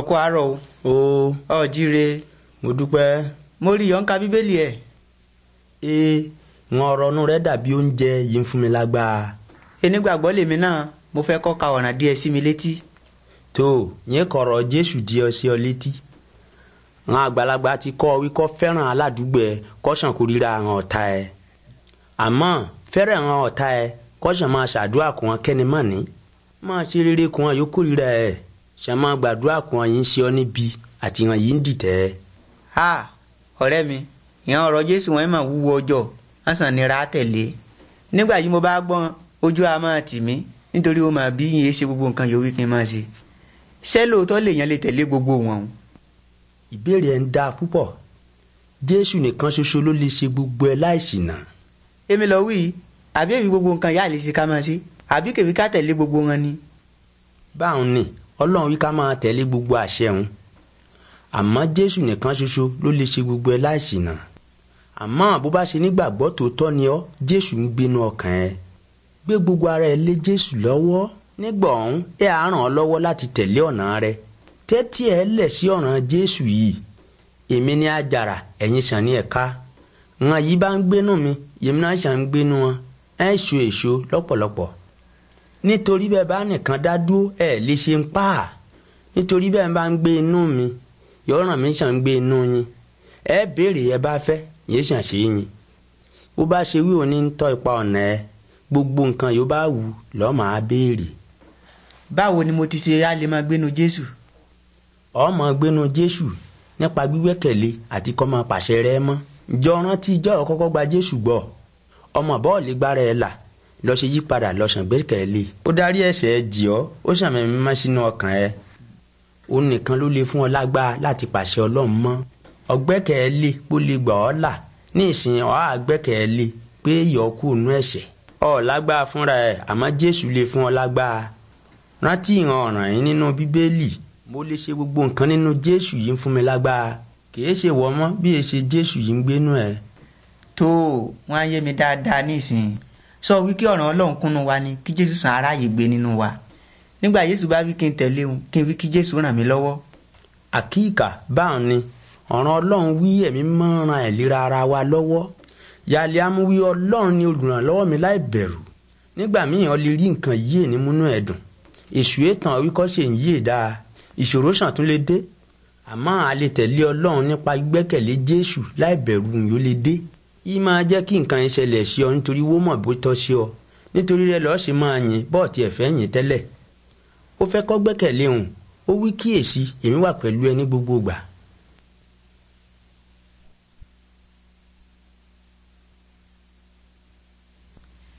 ọkọ arọ o ọ jíire mo dúpẹ́ mo rí yọǹka bíbélì ẹ. e wọn ọ̀rọ̀ ọnụ rẹ dabi oúnjẹ yìí ń fún mi lágbára. enígbàgbọ́ lèmi náà mo fẹ́ kọ́ ka ọ̀ràn díẹ̀ sí mi létí. tó yín kọ̀rọ̀ jésù di ọsẹ ọ létí. àwọn àgbàlagbà ti kọ́ ọ fẹràn fẹ́ràn aládùúgbò ẹ kọ́sàn kò ríra àwọn ọ̀tá ẹ. àmọ́ fẹ́rẹ̀ àwọn ọ̀tá ẹ kọ́sàn máa ṣàdúrà kó wọn kẹ́ni mọ̀ ní. máa ṣe rere kó wọn yókù ríra ẹ̀. ṣàmà gbàdúrà kan yìí ń ṣe ọ níbi àti ìran yìí ń dìtẹ́. a ọ̀rẹ́ mi ìran ọ̀rọ̀ jésù wọn mà wúwo ọjọ́ wọn sàn nira tẹ̀lé nígbà yìí mo bá gbọ́n ojú a máa tì mí nítorí ó máa bí yìí ṣe gbogbo nǹkan yòówì kí n máa ṣe ṣé lóòótọ́ lèèyàn lè tẹ̀lé gbogbo wọn. ìbéèrè ẹ̀ ń dáa púpọ̀ jésù nìkan ṣoṣo ló lè ṣe gbogbo ẹ láìsìnà. èmi lọ wí àbí èyí gbogbo nǹkan yá àlè ṣe ká máa ṣe àbí kèmí ká tẹ̀lé gbogbo wọn ni. báwọn ni ọlọ́run wí ká máa tẹ̀lé gbogbo àṣẹ òun àmọ́ jésù nìkan ṣoṣo ló lè ṣe gbogbo ẹ láì ṣìnà àmọ́ bó bá ṣe nígbàgbọ́ tòótọ́ ni ọ́ jésù ń gbénu ọkàn ẹ gbé gbogbo ara ẹ lé jésù lọ́wọ́ nígbà ọ̀hún ẹ á ràn ọ́ lọ́wọ́ láti tẹ̀lé ọ̀nà rẹ tẹ́tí ẹ lẹ̀ sí ọ̀ràn jésù yìí èmi ni àjàrà ẹ̀yin ṣàn ní ẹ̀ka wọn yìí bá ń gbénu mi èmi náà ṣàn ń gbénu wọn ẹ̀ ṣo èso lọ́pọ̀lọpọ̀ nítorí bẹ́ẹ̀ bá nìkan dá dúró ẹ̀ lè ṣe ń pa á nítorí bẹ́ẹ̀ bá ń gbé inú mi yóò ràn mí ṣàn ń gbé inú yín ẹ béèrè ẹ bá fẹ́ yéé ṣàn ṣe yín bó bá ṣe wí òní ń tọ́ ipa ọ̀nà ẹ gbogbo nǹkan yóò bá wù lọ́ọ́ máa béèrè. báwo ni mo ti ṣe á lè máa gbénu Jésù. ọmọ gbénu Jésù nípa gbígbẹ́kẹ̀lé àti kọ́ máa pàṣẹ rẹ mọ́ jọ rántí ìjọ kọ́kọ́ gba Jésù gbọ́ ọmọ bọ́ọ̀lì gbára ẹ̀ là lọ ṣe yípadà lọ sàn gbẹ́kẹ̀lé ó darí ẹ̀ṣẹ̀ ẹ jì ọ́ ó sàmì mímọ́ sínú ọkàn ẹ òun nìkan ló lè fún ọ lágbára láti pàṣẹ ọlọ́run mọ́ ọgbẹ́kẹ̀lé kó lè gbà ọ́ là ní ìsìn ọ́ àgbẹ́kẹ̀lé pé yọ kú òun ẹ̀ṣẹ̀ ọ lágbára fúnra ẹ àmọ́ jésù lè fún ọ lágbára rántí ìran ọ̀ràn yín nínú bíbélì mo lè ṣe gbogbo nǹkan nínú jésù yìí ń fún mi lágbára kìí ṣe wọ́ mọ́ bí èṣe e jésù yìí ń gbénú ẹ̀ sọ wípé ọ̀ràn ọlọ́run kúnnú wa ni kí jésù sàn aráàyè gbé nínú wa nígbà jésù bá wí kí n tẹ̀lé òun kí n wí kí jésù ràn mí lọ́wọ́. àkíkà báà ni ọ̀ràn ọlọ́run wí ẹ̀mí mọ́ràn àìlera ara wa lọ́wọ́ yàlẹ́ amú wí ọlọ́run ni olùrànlọ́wọ́ mi láì bẹ̀rù nígbà míì ọ lè rí nǹkan yíè ní múnú ẹ̀dùn èṣù ètàn wíkọ́ ṣe ń yíè dáa ìṣòro ṣàn tún lè dé àmọ́ a lè tẹ̀lé ọlọ́run nípa gbẹ́kẹ̀lé jésù láì bẹ̀rù yóò lè dé yìí máa jẹ́ kí nǹkan yẹn ṣẹlẹ̀ sí ọ nítorí wó mọ̀ bó tọ́ sí ọ nítorí rẹ lọ́ọ́ ṣe máa yìn bọ́ọ̀tì ẹ̀fẹ́ yìn tẹ́lẹ̀ ó fẹ́ kọ́ gbẹ́kẹ̀lé òun ó wí kíyèsí èmi wà pẹ̀lú ẹ ní gbogbo ìgbà